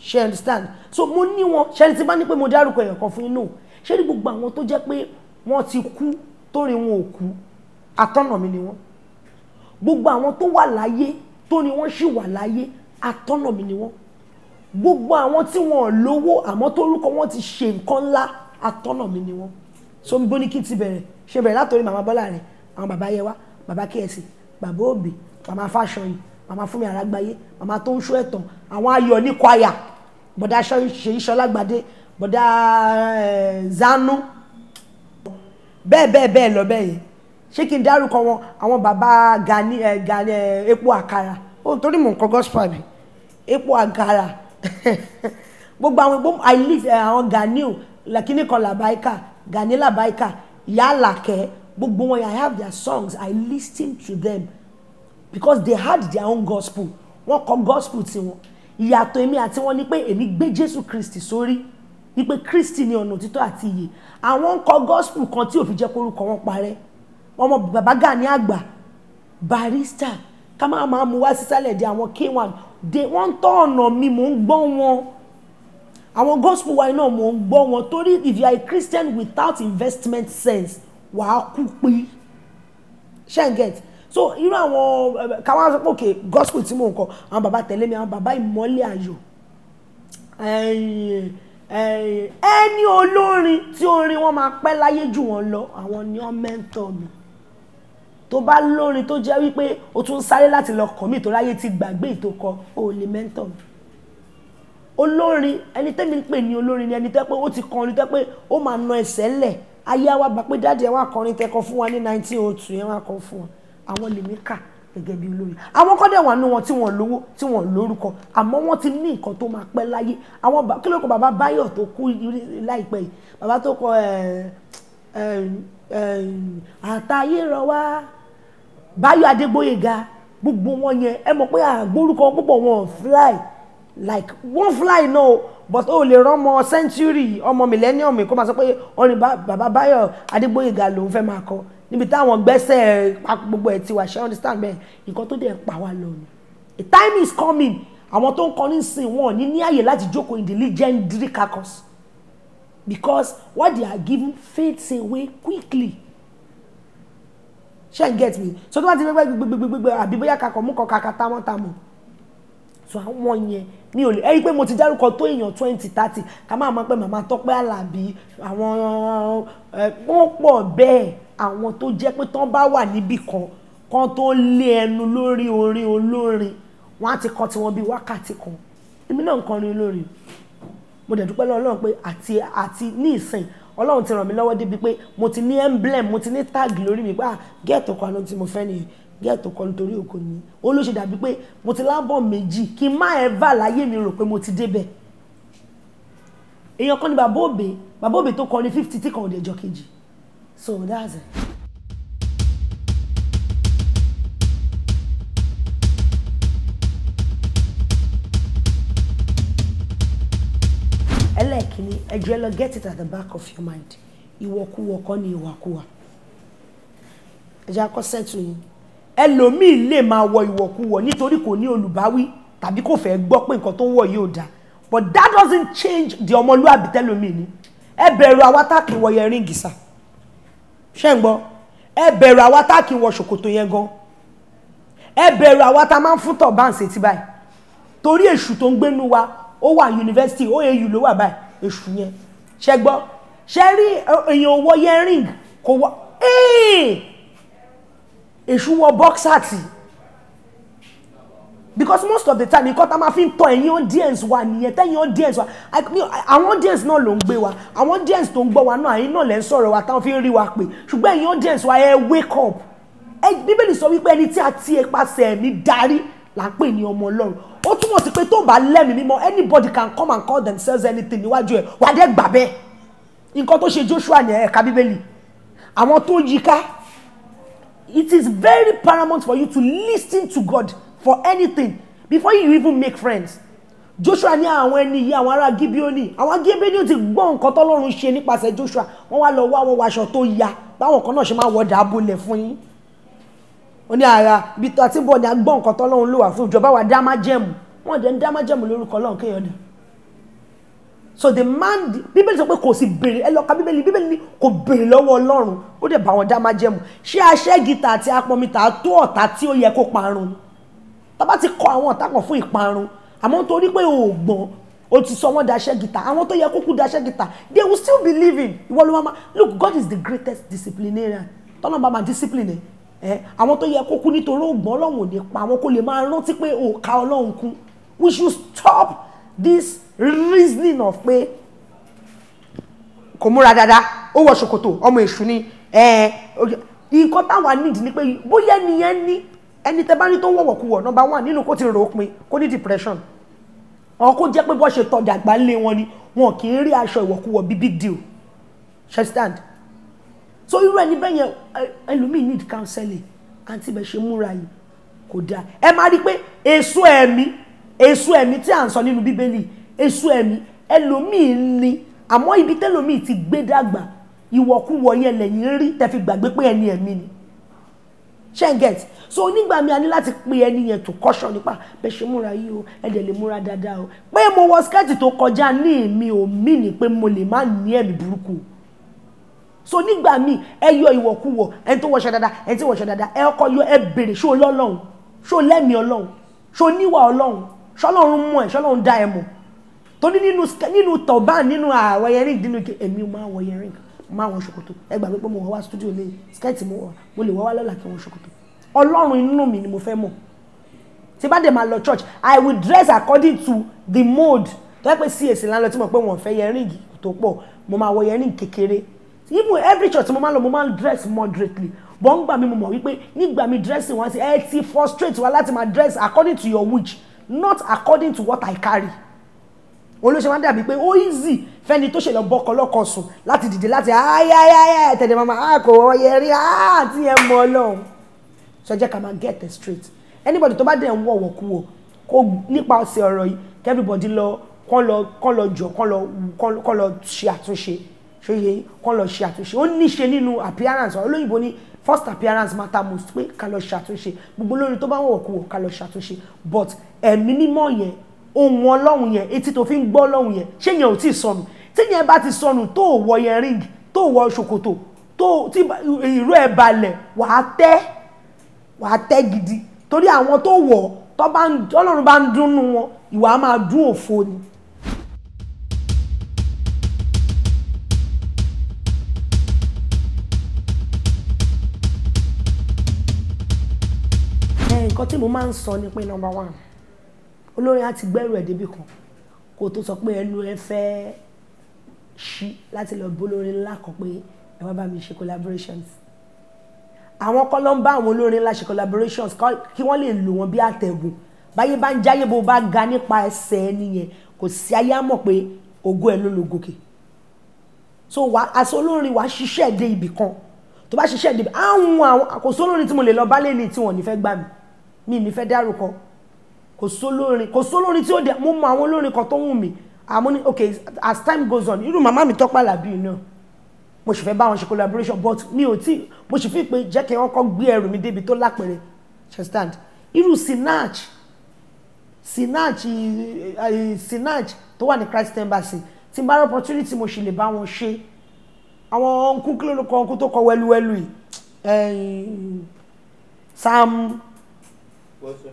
ṣe understand so mo ní wọn ṣe ti bá ní pé mo dárúkọ èèyàn kan fún inú ṣé ní gbogbo àwọn tó jẹ́ pé wọ́n ti kú torí wọn ò kú atọ́nà mi ni wọ́n gbogbo àwọn tó wà láyé torí wọ́n sì wà láyé atọ́nà mi ni wọ́n gbogbo àwọn tí wọn ò lówó àmọ́ torúkọ wọn ti ṣe nǹkan ńlá atọ́nà mi ni wọ́n so níbo ni kí n ti bẹ̀rẹ̀ ṣe bẹ̀rẹ̀ látòrí màmá bọ́lá rẹ̀ àwọn bàbá yẹwà bàbá kẹ́ẹ̀sì bàbá òbí màmá fáṣọyìn màmá fúnmi àràgbáyé màmá tó ń ṣó ẹ̀tàn àwọn ayọ̀ ní kwaya bọ̀dá ṣèyí ṣọlágbàdé bọ̀dá eh, zanu bẹ́ẹ̀ bẹ́ẹ̀ bẹ́ẹ̀ lọ bẹ́ẹ̀ yẹn ṣé kí n dárúkọ wọn àwọn bàbá gani eh, gani eh, epo àkàrà ó torí mò ń kọ gospel mi epo àkàrà gbogbo àwọn epo i live àwọn ganiu kìnnìkan làbáyíkà gani làbáyíkà Yalake, gbogbo wọn I have their songs I listen to them because they had their own gospel wọ́n kọ gospel tiwọn ìyàtọ̀ èmi àti wọn ni pé èmi gbé Jésù Kristi sórí ni pé Kristi ni ọ̀nà òtítọ́ àti ìyè àwọn ń kọ gospel kan tí ó fi jẹ́ korúkọ wọn parẹ́ ọmọ bàbá Gani àgbà barista ká máa máa mú wá sísàlẹ̀ di àwọn k1 wọ́n ń tọ́ ọ̀nà mi mò ń gbọ́ wọn àwọn gospel wa iná mò ń gbọ́ wọn torí if you are a christian without investment sense wà á kú pé ṣẹ́ǹgẹ̀t so irú àwọn eh, káwọn sọ pé ok gospel tí mò ń kọ àwọn bàbá tẹ̀lé mi àwọn bàbá ìmọ́lẹ̀ ayọ̀ ẹni olórin tí orin wọn máa pẹ́ láyé jù wọn lọ àwọn ni wọ́n mẹ́ńtọ̀ mi tó bá lórin tó jẹ́ wípé o tún sáré láti lọ kọ̀ mí ìtòráyé ti gbàgbé ìtòkọ o lè mẹ́ńtọ̀ mi olórin ẹni tẹ́mi ń pè ní olórin ni ẹni tẹ́ pé ó ti kọ orin tẹ́ pé ó máa na ẹsẹ̀ lẹ̀ ayé wa gbà pé dáàdì ẹ wá kọrin tẹ́kọ fún wa ní nineteen oh two ẹ wá kọ fún wa àwọn lèmi kà gẹ́gẹ́ bí olórin àwọn kọ́dẹ̀ wà nú wọn tí wọ́n lówó tí wọ́n lórúkọ àmọ́ wọ́n ti ní nǹkan tó máa pẹ́ láyé àwọn kí ló kọ bàbá Báyọ̀ tó kú láìpẹ́ yìí bàbá tó kọ àtàyè rọ wá Báyọ̀ Adégbóyèga gbogbo wọn yẹn ẹ mọ̀ pé àgbórúkọ púpọ̀ wọn fly like one fly no but o oh, lè rán ọmọ century ọmọ millennium kó máa sọ pé orin bàbá Báyọ̀ Adégbóyèga lòún fẹ́ máa kọ níbi táwọn gbẹ́sẹ̀ gbogbo ẹ̀ ti wà ṣe understand bẹ́ẹ̀ nǹkan tó dẹ̀ ń pa wá lọ ni the time is coming àwọn tó ń kọ ní sìn wọn ní ní àyè joko jókòó in the legendary carcass because what they are giving fades away quickly She n get me so tó bá ti gbẹgbẹ gbẹgbẹgbẹ àbí bóyá kakọ mú kọ kàkà támọ́támọ́ so àwọn yẹn mi ò lè ẹ rí i pé mo ti dárúkọ tó èèyàn twenty thirty ká máa máa pẹ́ màmá tọ́pẹ́ àlàbí àwọn wọ́n pọ̀ bẹ́ẹ̀ àwọn tó jẹ́ pé tán bá wà níbì kan kan tó lé ẹnu lórí orin olórin wọ́n á ti kọ tiwọn bíi wákàtí kan èmi náà ń kọrin olórin mo dẹ̀ dúpẹ́ lọ́wọ́ ọlọ́run pé àti àti ní ìsìn ọlọ́run ti ràn mí lọ́wọ́ débi pé mo ti ní emblem mo ti ní tag lórí mi pé ah gẹ́ẹ̀tọ̀ kan ló ti mo fẹ́ nìyẹn gẹ́ẹ̀ tó kọlu torí òkò ni ó ló ṣe dàbí pé mo ti lábọ̀ méjì kí n má ẹ̀ bà láyé mi rò pé mo ti débẹ̀ èèyàn kan ni bàbá òbè bàbá òbè tó kọrin fifty tí kan ò dẹjọ kejì so that's it. ẹlẹ́ẹ̀kínní ẹjọ́ ẹ lọ get it at the back of your mind ìwọ̀kuwọ̀ kọ́ ni ìwàkuwà ẹjọ́ akọ́ sẹ́tù yìí ẹlòmíì lè máa wọ ìwọ̀kuwọ̀ nítorí kò ní olùbáwí tàbí kò fẹ́ gbọ́ pé nǹkan tó ń wọ̀ yìí ò but that doesn't change the ọmọlúwàbí tẹlòmíì ni ẹ bẹ̀rù àwa tá kì í wọ yẹn ríǹgì sá ṣé ń gbọ́ ẹ bẹ̀rù àwa tá kì í wọ ṣòkòtò yẹn gan ẹ bẹ̀rù àwa tá máa ń fún tọ̀ báǹsì ti báyìí torí èṣù tó ń gbénu wa ó wà yunifásitì OAU ló wà báyìí èṣù yẹn ṣé gbọ́ ṣé rí eh, èèyàn wọ yẹn ríǹgì kò wọ eh! èṣù wọ bọ́ksàtì because most of the time nǹkan tá a máa fi ń tọ ẹ̀yin audience wa nìyẹn tẹ́yin audience wa àwọn audience náà ló ń gbé wa àwọn audience tó ń gbọ́ wa náà ẹ̀yin náà lẹ́ ń sọ̀rọ̀ wa táwọn fi ń rí wa pé ṣùgbọ́n ẹ̀yin audience wa ẹ wake up ẹ bíbélì sọ wípé ẹni tí a ti ipasẹ̀ ẹ̀mí darí là ń pè ní ọmọ ọlọ́run ó túmọ̀ sí pé tó bá lẹ́mìí mímọ́ anybody can come and call themselves anything níwájú ẹ̀ wà á dẹ́ gbà bẹ́ẹ̀ nǹkan tó ṣe Joshua ní ẹ̀ka bíbélì àwọn tó yí it is very paramount for you to listen to God for anything before you even make friends joshua ní àwọn ẹni yìí àwọn ará gibeoni àwọn gibeoni ti gbọ́ nǹkan tọ́lọ́run ṣe nípasẹ̀ joshua wọ́n wá lọ wá wọn wàṣọ tó ya báwọn kan náà ṣe máa wọ dàbọ̀lẹ̀ fún yín ó ní ara ibi tó àti bọ̀ ní agbọ́ nǹkan tọ́lọ́run ló wà fún ìjọba wa dá májẹ̀mú wọ́n dẹ̀ ń dá májẹ̀mú lórúkọ ọlọ́run so the man bíbélì sọ pé kò sì béèrè ẹ lọ ka bíbélì bíbélì ni kò béèrè lọ́wọ́ ọlọ́run ó dẹ̀ bá wọn dá májẹ̀mú ṣé aṣẹ́gita àti apọ̀mìtà tó ọ̀tá tí ó yẹ kó parun tábà ti kọ àwọn ọ̀tá kan fún ìparun àmọ́ nítorí pé òògbọ́n o ti sọ wọn daṣẹ́ gita àwọn tó yẹ kó kú daṣẹ́ gita they will still be living ìwọ ló máa look God is the greatest disciplinarian tọ́lọ́ bá máa discipline ẹ àwọn tó yẹ kó kú nítorí òògbọ́n ọlọ́run ò we should stop this reasoning of pé kò múra dáadáa ó wọ ṣòkòtò ọmọ èṣù ni nǹkan táwa need ni pé bóyá nìyẹn ní ẹni tẹ bá ní tó wọ̀wọ̀kuwọ̀ number one nínú kó ti rò ó kó ní depression àwọn kó jẹ́ pé bọ́ ṣe tọjà àgbà ńlé wọn ni wọn kì í rí aṣọ ìwọ̀kuwọ̀ bí big deal ṣe stand so irú ẹni bẹ́ẹ̀ yẹn ẹlòmíì need counseling àǹtí bẹ́ẹ̀ ṣe múra yìí kò dáa ẹ máa rí i pé èso ẹ̀mí èso ẹ̀mí tí à ń sọ nínú bíbélì èso ẹ̀mí ẹlòmíì ni àmọ́ ibi tẹ́lòmíì ti gbé dàgbà ìwọ̀kúwọ̀ yẹn lẹ́yìn rí tẹ́ gbàgbé pé ẹni ẹ̀mí ni ṣẹ́ǹgẹ̀t so nígbà mi a ní láti pe ẹni yẹn tó kọ́ṣọ́ nípa bẹ́ẹ̀ ṣe múra yìí o ẹ̀dẹ̀ lè múra dáadáa o pé mo wọ skẹ́ẹ̀tì tó kọjá ní èmi ò mí ni pé mo lè má ní ẹ̀mí burúkú so nígbà mi ẹ yọ ìwọ̀kúwọ̀ ẹni tó wọṣọ dáadáa ẹni tí wọṣọ dáadáa ẹ ọkọ yọ ẹ bèrè ṣó lọ́lọ́run ṣó lẹ́mìí ọlọ́run ṣó níwà ọlọ́run ṣọlọ́run mọ̀ ẹ̀ ṣọlọ́run dá ẹ mọ̀ torí nínú nínú tọ̀bán nínú àwọ̀ yẹn ring nínú èmi máa wọ yẹn ring máa wọ ṣòkòtò ẹ gbàgbé pé mo wọ wá studio lè skẹ́ẹ̀tì mo wọ mo lè wọ wá lọ́la kí n ṣòkòtò ọlọ́run inú mi ni mo fẹ́ mọ̀ tí bá dẹ̀ máa lọ church i will dress according to the mode tó yẹ pé cac lánàá tí mo pé wọn fẹ́ yẹn ring tó pọ̀ mo máa wọ yẹn ring kékeré even every church mo máa lọ mo máa dress moderately bọ́n mi mí mo mọ̀ wípé nígbà mi dressing wá sí ẹ ti frustrate wa láti máa dress according to your wish not according to what I carry olóṣèlú máa ń dàbí pé ó easy fẹ́ni tó ṣe lọ bọ́kọ lọ́kọ sùn láti dìde láti ayayaya tẹ̀lé mama a ah, kò yẹ rí ah, àti ẹ mọ ọlọ́run so jẹ́ ká máa get it straight anybody tó bá dẹ̀ ń wọ̀ wọ̀ kú wọ̀ kó nípasẹ̀ ọ̀rọ̀ yìí kí everybody lọ kọ́ lọ kọ́ lọ jọ kọ́ lọ kọ́ lọ ṣe àtúnṣe ṣòye kọ́ lọ ṣe àtúnṣe ó níṣe nínú appearance olóyìnbó ní first appearance matter most pé ká lọ ṣàtúnṣe gbogbo lórí tó bá wọ̀ kú ká lọ ṣàtúnṣe but ẹ̀mí mímọ́ yẹn ohun ọlọ́run yẹn etí tó fi ń gbọ́ ọlọ́run yẹn ṣé yẹn ò tí ì sọnù tí yẹn bá ti sọnù tó wọ yẹn ring tó wọ ṣòkòtò tó tí ìró ẹ̀ balẹ̀ wàá tẹ́ wàá tẹ́ gidi torí àwọn tó wọ̀ tọ́lọ́run bá ń dùnnú wọn ìwà máa dún òfo ni nǹkan tí mo máa ń sọ ni pé number one olórin á ti gbẹ́rù ẹ̀ débì kan kó tó sọ pé ẹnu ẹ fẹ́ ṣí láti lọ bólórin ńlá kan pé ẹ wá bá mi ṣe collaborations àwọn kọ́ ló ń bá àwọn olórin ńlá ṣe collaborations kí wọ́n lè lò wọ́n bí àtẹ̀gùn báyé bá ń jáyé bó bá ga nípa ẹsẹ̀ ẹni kò sí ayé á mọ̀ pé ògo ẹ̀ ló lo gòkè so wa àti olórin wa á ṣiṣẹ́ dé ibì kan tó bá ṣiṣẹ́ dé ibì kan àwọn àwọn kò sí olórin tí mo lè lọ bá lè ní tí wọ́n ní fẹ́ gbà mí mi ní fẹ́ dárúkọ kò sólórin kò sólórin tí ó dẹ mo mọ àwọn olórin kan tó wù mí àmọ́ ok as time goes on irú màmá mi Tọ́pẹ́ Àlàbí náà mo sì fẹ́ bá wọn ṣe collaboration but mi ò tí mo sì fi pé jẹ́ kí wọ́n kọ́ gbé ẹrù mi débi tó lápẹ̀rẹ̀ understand irú sinach sinach eh, eh, sinach tó wà ní Christ Embassy tí n bá rí opportunity mo sì lè bá wọn ṣe àwọn ọ̀nkú kí ló kọ ọ̀nkú tó kọ wẹ́lúwẹ́lú yìí sam.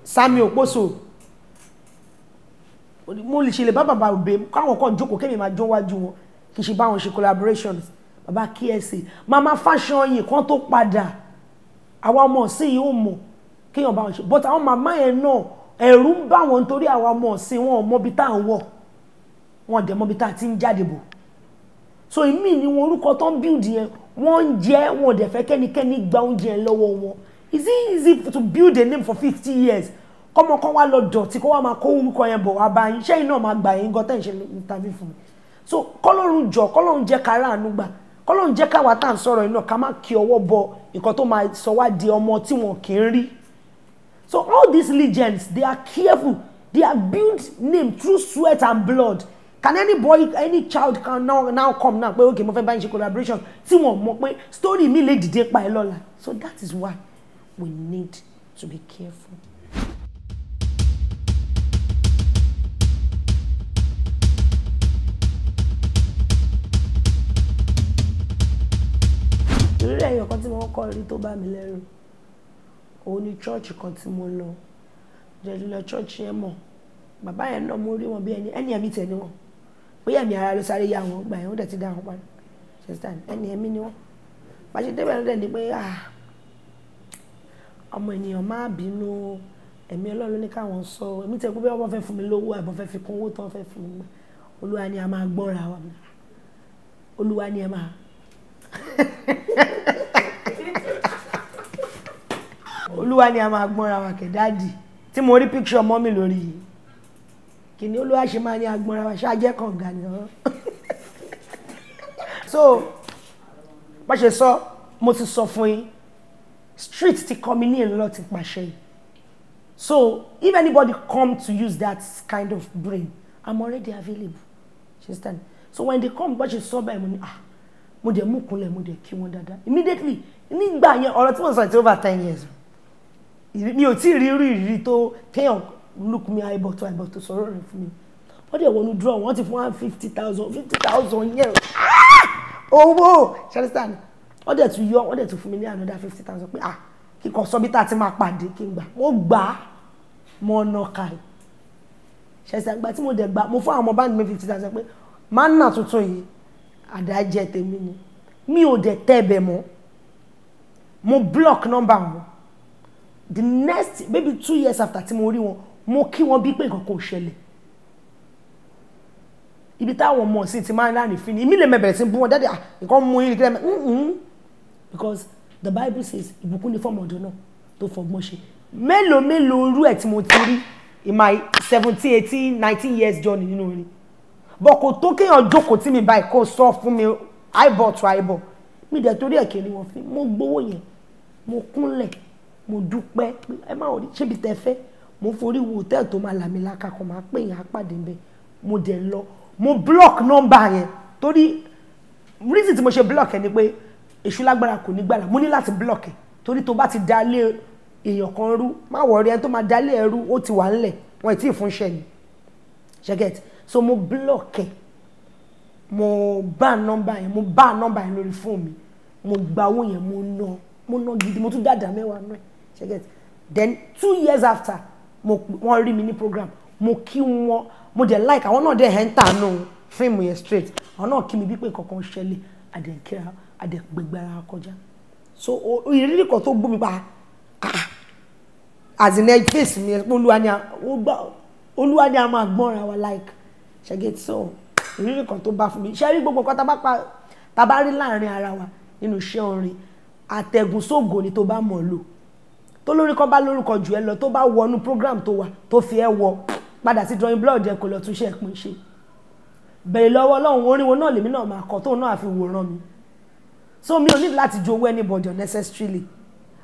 Sami Okposo mo lè ṣe lè bá Baba òbí káwọn kan jókòó kémi máa jó wájú wọn kì í ṣe báwọn ṣe collaborations Baba kíyèsí Mama fashion kan tó padà àwa ọmọ ọ̀sìn yìí ò mọ̀ kéèyàn bá wọn ṣe but àwọn màmá yẹn náà ẹ̀rù ń bà wọ́n nítorí àwa ọmọ ọ̀sìn wọn ò mọbi tá à ń wọ̀ wọn ò dẹ̀ mọbi tá à ti ń so ìmí ni wọn orúkọ tó ń build yẹn wọ́n ń jẹ wọn ò dẹ̀ fẹ́ kẹ́nikẹ́ni gba oúnjẹ lọ́wọ́ wọn is it easy to build a name for fifty years kọ́mọ kan wá lọ dọ̀tí kó wá máa kó orúkọ yẹn bọ̀ wá bá yín iṣẹ́ yìí náà yín gan tẹ́ ń ṣe fún mi so kọ́lọ́run jọ kọ́lọ́run jẹ́ ká ráàánú gbà kọ́lọ́run jẹ́ káwa tá à ń sọ̀rọ̀ yìí ká má kí ọwọ́ bọ nǹkan tó máa sọ wá di ọmọ tí wọn kì í rí so all these legends they are careful they are built name through sweat and blood can any boy any child can now now come now pé okay mo fẹ́ bá yín ṣe collaboration tí wọ́n mọ̀ pé story mi lè dìde pa ẹ́ lọ́la so that is why we need to be careful. ìrírí ẹ̀yọ̀ kan tí wọ́n kọ́ rí tó bá mi lẹ́rù òun ni chọ́ọ̀chì kan tí mo lọ jẹ́jú lọ chọ́ọ̀chì yẹn mọ̀ bàbá yẹn náà mo rí wọn bí ẹni ẹni ẹ̀mí tẹ̀ ni wọn bóyá ẹ̀mí ara ló sáré yá wọn gbà yẹn ó dẹ̀ ti dá wọn padà ṣẹ̀sítà ẹni ẹ̀mí ni wọn bá ṣe débẹ̀ lọ́dẹ̀ ni pé ah ọmọ ènìyàn má bínú ẹ̀mí ọlọ́run ní káwọn sọ èmi tẹ́ pé bí wọ́n fẹ́ fún mi lówó àbọ̀ fẹ́ fi kún owó tán fẹ́ fún mi olúwa ni a máa gbọ́ra wa olúwa ni a máa. olúwa ni a máa gbọ́nra wa kẹ̀ dáàdì tí mo rí picture mọ́ mi lórí yìí kì ní olúwa ṣe máa ní a wa ṣáájẹ́ kànga ni ọ́ so bá ṣe sọ mo ti sọ fún yín street ti come mi ní èlò lọ́ọ́ ti pàṣẹ yìí so if anybody come to use that kind of brain i'm already available she understand so when they come bó ṣe sọ báyìí mo ní ah mo dẹ̀ mú kunlẹ̀ mo dẹ̀ kí wọn dáadáa immediately nígbà yẹn ọ̀rọ̀ tí mo sọ ti over ten years mi ò tí ì rí irú ìrírí tó téèyàn look me eyeball to eyeball to sọ̀rọ̀ rẹ̀ fún mi wọ́n dẹ̀ wọnú draw wọ́n ti fún one fifty thousand fifty thousand yẹn ah! owó she understand wọ́n dẹ̀ tún yọ wọ́n dẹ̀ tún fún mi ní another fifty thousand pé ah kíkọ sọ bí tá a ti máa pàdé kí n gbà mo gbà á mo nà ká ẹ̀ ṣẹ̀ṣẹ̀ àgbà tí mo dẹ̀ gbà mo fún àwọn ọmọ báńdì mi fifty thousand pé mánà tuntun yìí àdájẹ tèmi ni mi ò dẹ̀ tẹ́ ẹ̀bẹ̀ mọ́ mo block number wọn the next maybe two years after tí mo rí wọn mo kí wọn bí pé nǹkan kò ṣẹlẹ̀ ibi táwọn ọmọ sí ti máa ń láàrin fi ni ìmílẹ̀ mẹ́bẹ̀rẹ̀ sí bú wọn jáde ah, nǹkan mú irin kí lẹ́mẹ̀ because the bible says ìbùkún ni fọmọdún náà tó fọgbọ́n ṣe mélòó mélòó irú ẹ̀ tí mo ti rí in my seventeen eighteen nineteen years journey nínú orin bọ̀ kò tó kéèyàn jókòó tí mi báyìí kò sọ fún mi eyeball to eyeball mi dẹ̀ torí ẹ̀ kiri wọn fún mo gbowó yẹn mo kúnlẹ̀ mo dúpẹ́ ẹ má rí ṣébi tẹ fẹ́ mo forí wo hòtẹ́ẹ̀lì tó máa làmì láka kan máa pè yàn apàdé ń bẹ mo dẹ̀ lọ mo block nọ́mbà yẹn torí reason tí mo ṣe block ẹ ni pé èṣù lágbára kò ní gbàrà mo ní láti block ẹ̀ torí tó bá ti da lé èèyàn kan rú má wọ̀ọ́rí ẹni tó máa da lé ẹrú ó ti wà ńlẹ̀ wọn ì tí ì fún ni ṣẹ́gẹ̀t so mo block ẹ̀ mo bá nọ́mbà yẹn mo bá nọ́mbà yẹn lórí fóònù mi mo gba owó yẹn mo ná mo ná gidi mo tún dáadáa mẹ́wàá náà ṣẹ́gẹ̀t then two years after mo wọ́n rí mi ní program mo kí wọn mo dẹ̀ like àwọn náà dẹ̀ ẹ̀ ń tà nù fíìmù yẹn straight àwọn náà kí mi bí pé kankan ṣẹlẹ̀ I didn't care àdẹ̀gbẹ̀gbẹ̀ ara kọjá so ìrírí kan tó gbó ah, As in àzìnà face mi olúwa ni olúwa ni a máa gbọ́nra wa like ṣẹ́gẹ́tì so ìrírí kan tó bá fún mi ṣe rí gbogbo nǹkan tá a bá rí láàrin ara wa nínú iṣẹ́ orin àtẹ̀gùn sóògùn ni tó bá mọ̀ lò tó lórúkọ bá lórúkọ jù ẹ lọ tó bá wọnú program tó wà tó fi ẹ wọ padà sí drawing blood ẹ kò lọ túnṣe ẹpin ṣe bẹ̀rẹ̀ lọ́wọ́ ọlọ́run orin wo náà lèmi náà máa kọ tóun náà àfi wòran mi so mi ò ní láti ju owó anybody unnecessarily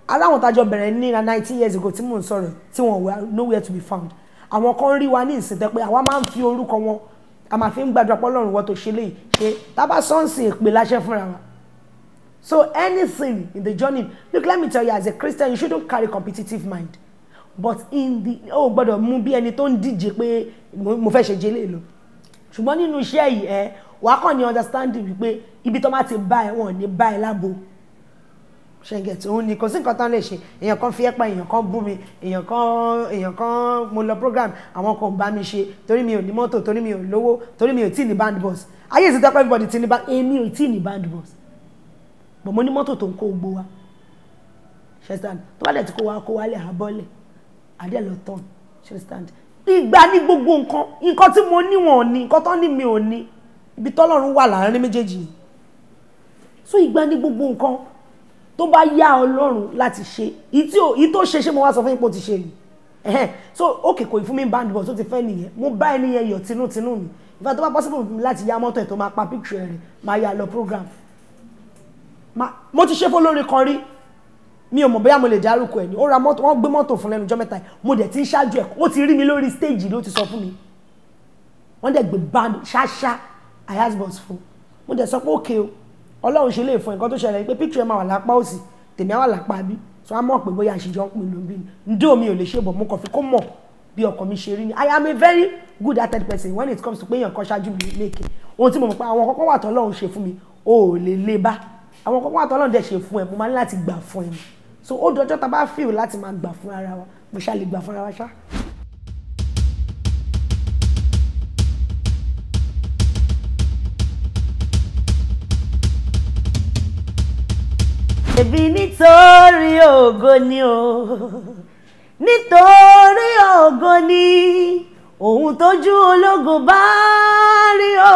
aláwọn tájọ bẹ̀rẹ̀ níra nineteen years ago tí mò ń sọ̀rọ̀ tí wọ́n were nowhere to be found àwọn kan rí wa ní ìsìntẹ́ pé àwa máa ń fi orúkọ wọn a máa fi ń gbàdúrà pé Ọlọ́run wọ́n tó ṣe léyìí ṣe tábà sọ́ọ̀sì èpè láṣẹ fúnra wa so anything in the journey look let me tell you as a Christian you shouldn't carry competitive mind but in the oh, gbọ́dọ̀ mú bí ẹni tó ń díje pé mo fẹ́ ṣe jẹ́lẹ̀ lọ ṣùgbọ́n nínú iṣẹ́ yìí ẹ wàá kàn ní understanding wípé ibi tó má ti bá ẹ wọn ò ní bá ẹ lábo ṣẹ́ngẹ̀tì òun ni kò sí nǹkan tán lè ṣe èèyàn kan fi ẹ́pà èèyàn kan bú mi èèyàn kan èèyàn kan mo lọ program àwọn kan ò bá mi ṣe torí mi ò ní mọ́tò torí mi ò lówó torí mi ò tí ní band bus ayé ìsìtẹ́ pé everybody ti ní band èmi ò tí ní band bus but mo ní mọ́tò tó ń kó gbó wa ṣẹ́sítàn tó bá dẹ̀ ti kó wa kó wa lẹ̀ adé lọ tán ṣẹ́sítàn ìgbà ní gbogbo nǹkan nǹkan tí mo ní wọn nǹkan tán ní mi ò ní ibi tọ́lọ́run wà láàrin méjèèjì so ìgbà ní gbogbo nǹkan tó bá yá ọlọ́run láti ṣe èyí tó ṣe ṣé mo wá sọ fún yín pé ó ti ṣe yìí so òkè kò ì mi band boy tó ti fẹ́ nìyẹn mo bá ẹni yẹn yọ̀ tinútinú mi ìfẹ́ tó bá possible mi láti ya mọ́tò ẹ̀ tó máa pa picture rẹ̀ máa yà lọ program mo ti ṣe fún olórin kan rí mi ò mọ̀ bóyá mo lè dárúkọ ẹ̀ ní ó ra mọ́tò wọ́n gbé mọ́tò fún lẹ́nu jọ́ mẹ́ta yìí mo dẹ̀ ti ń ṣáájú ẹ̀ ó ti rí mi lórí stage ló ti sọ fún mi wọ́n dẹ̀ gbé band ṣáṣá I asked boss fún mo dẹ̀ sọ pé òkè o ọlọ́run ṣe lè fún nǹkan tó ṣẹlẹ̀ pé picture ẹ̀ máa wà lápá òsì tèmi á wà lápá bí so a mọ̀ pé bóyá àṣejọ ń pin ló ń bí mi ndó mi ò lè ṣe bọ̀ mo kàn fi kó mọ̀ bí ọkàn mi ṣe rí ni I am a very good hearted person when it comes to pé èèyàn kan ṣáájú mi léèké ohun tí mo mọ̀ pé àwọn kọ́kọ́ wà tọ́lọ́run ṣe fún mi o ò lè lè bá àwọn kọ́kọ́ wà tọ́lọ́run dẹ̀ ṣe fún ẹ mo máa ní láti gbà fún ẹ so ó dọjọ́ ta bá fíìl láti máa gbà fún ara wa mo ṣá lè gbà fún ara wa ṣá. ṣèbí nítorí ògo ni o nítorí ògo ni ohun tójú ológo bá rí o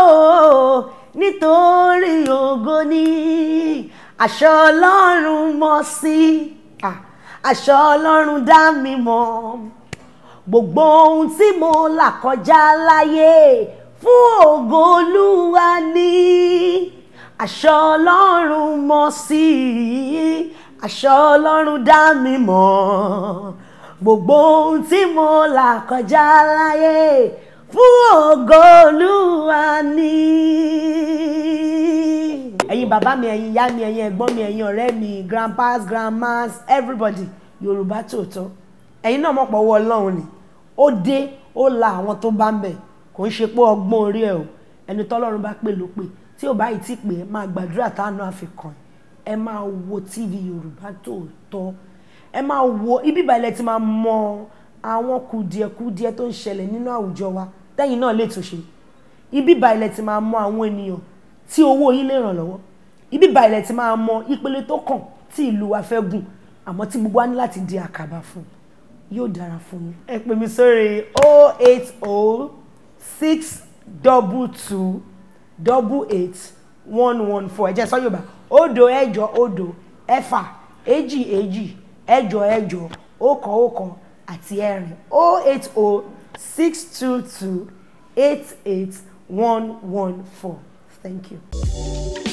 nítorí ògo ni àṣọ ọlọ́run mọ̀ sí àṣọ ọlọ́run dá mi mọ̀ gbogbo ohun tí mo là kọjá láyé fún ògo olúwa ni aṣọ ọlọ́run mọ̀ sí i aṣọ ọlọ́run dá mi mọ̀ gbogbo ohun tí mo là kọjá láyé fún ògo olúwa ni. ẹ̀yin bàbá mi ẹ̀yin ìyá mi ẹ̀yin ẹ̀gbọ́n mi ẹ̀yin ọ̀rẹ́ mi grandpas grandmas everybody yorùbá tòótọ́ ẹ̀yin náà mọ̀ pọ̀ ọwọ́ ọlọ́run ni ó dé ó la àwọn tó bá ń bẹ̀ kò ń ṣe pé ọgbọ́n orí ẹ̀ o ẹni tọ́lọ́run bá pè ló pè tí ò báyìí ti pè é máa gbàdúrà táànù àfikàn ẹ máa wo tv yorùbá tòótọ́ ẹ máa wo ibi ìbàlẹ̀ ti máa mọ àwọn kùdìẹ̀kùdìẹ tó ń ṣẹlẹ̀ nínú àwùjọ wa tẹ́yìn náà lè tún ṣe ibi ìbàlẹ̀ ti máa mọ àwọn ènìyàn tí owó yìí lè ràn lọ́wọ́ ibi ìbàlẹ̀ ti máa mọ ìpele tó kàn tí ìlú wa fẹ́ gùn àmọ́ tí gbogbo wa ní láti di àkàbà fún yóò dára fún mi. ẹ pè mí sórí 080 622 double eight one one four ẹ jẹ́ sọ yorùbá òdo ẹ̀jọ òdo ẹ̀fà èjì èjì ẹ̀jọ ẹ̀jọ ọ̀kan ọ̀kan àti ẹ̀rin o oh eight o oh six two two eight eight one one four thank you.